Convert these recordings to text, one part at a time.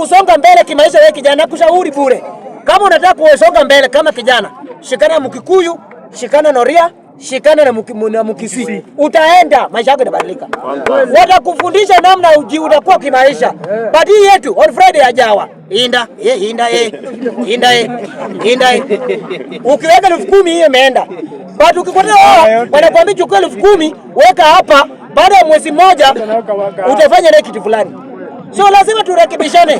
kusonga mbele kimaisha, wewe kijana, nakushauri bure, kama unataka kusonga mbele kama kijana, shikana na Mkikuyu, shikana na Ria, shikana na Mkisii, utaenda maisha yako yatabadilika. Watakufundisha namna uji utakuwa kimaisha. Badi yetu on Friday ajawa inda ye inda ye inda ye inda ye, ukiweka elfu kumi hiyo imeenda, but ukikwenda wao oh, wanakuambia chukua elfu kumi weka hapa, baada ya mwezi mmoja utafanya naye kitu fulani. So lazima turekebishane.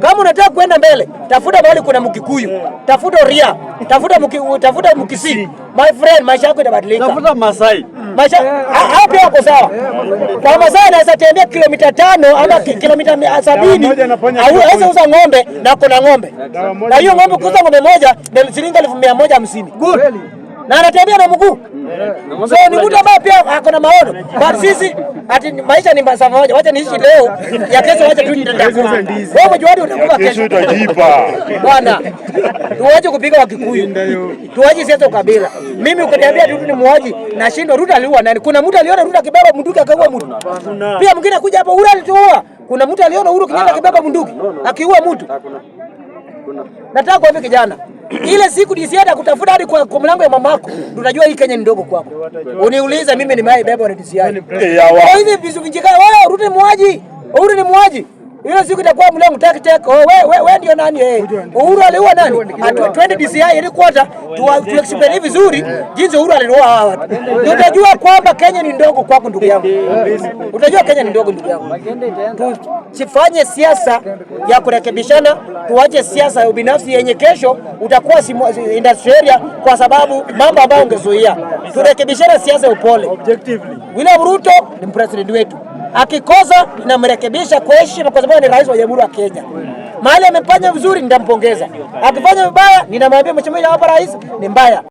Kama unataka kwenda mbele, tafuta mahali kuna Mkikuyu, tafuta Ria, tafuta Mki, tafuta Mkisi. My friend, maisha yako itabadilika. Tafuta Masai. Maisha hapo yako sawa. Kwa Masai anaweza tembea kilomita tano ama kilomita 70. Hawezi uza ng'ombe na kuna ng'ombe. Na hiyo ng'ombe kuuza ng'ombe moja ni shilingi 1150. Good. Na anatembea na mguu. So ni mtu ambaye pia ako na maono, Bali sisi ati maisha ni masafa moja, wacha niishi leo ya kesho, wacha tu nitakufa. Wewe Wewe umejuaje utakufa kesho? Kesho Utajipa bwana, Tuwaje kupiga wa Wakikuyu, Tuwaje siasa ukabila. Mimi ukiniambia tu ni muaji na shindo, Ruto aliua nani? Kuna mtu aliona Ruto akibeba bunduki akaua mtu? Pia mwingine kuja hapo, Uhuru alituua. Kuna mtu aliona Uhuru Kenyatta akibeba bunduki akiua mtu? Nataka kuambia kijana ile siku nisienda kutafuta hadi kwa, kwa mlango ya mamako, tunajua hii Kenya ni ndogo kwako. Uniuliza mimi nimewahi beba red DCI. Eh, eh, hivi vizu vinjika wewe urudi muaji, urudi muaji. Ile siku itakuwa mle Oh, We, we, we ndio nani eh? Uhuru aliua nani? Twende DCI ili kwanza tu uh, explain vizuri eh. jinsi Uhuru aliua hawa. Utajua kwamba Kenya ni ndogo kwako ndugu yangu. Utajua Kenya ni ndogo ndugu yangu. Tusifanye siasa ya kurekebishana, tuache siasa ya ubinafsi yenye kesho utakuwa industry kwa sababu mambo ambayo ungezuia. Turekebishane siasa ya upole. William Ruto ni president wetu. Akikosa ninamrekebisha kwa heshima, kwa sababu ni rais wa Jamhuri ya Kenya. Mahali amefanya vizuri nitampongeza, akifanya vibaya ninamwambia mheshimiwa, hapa rais ni mbaya.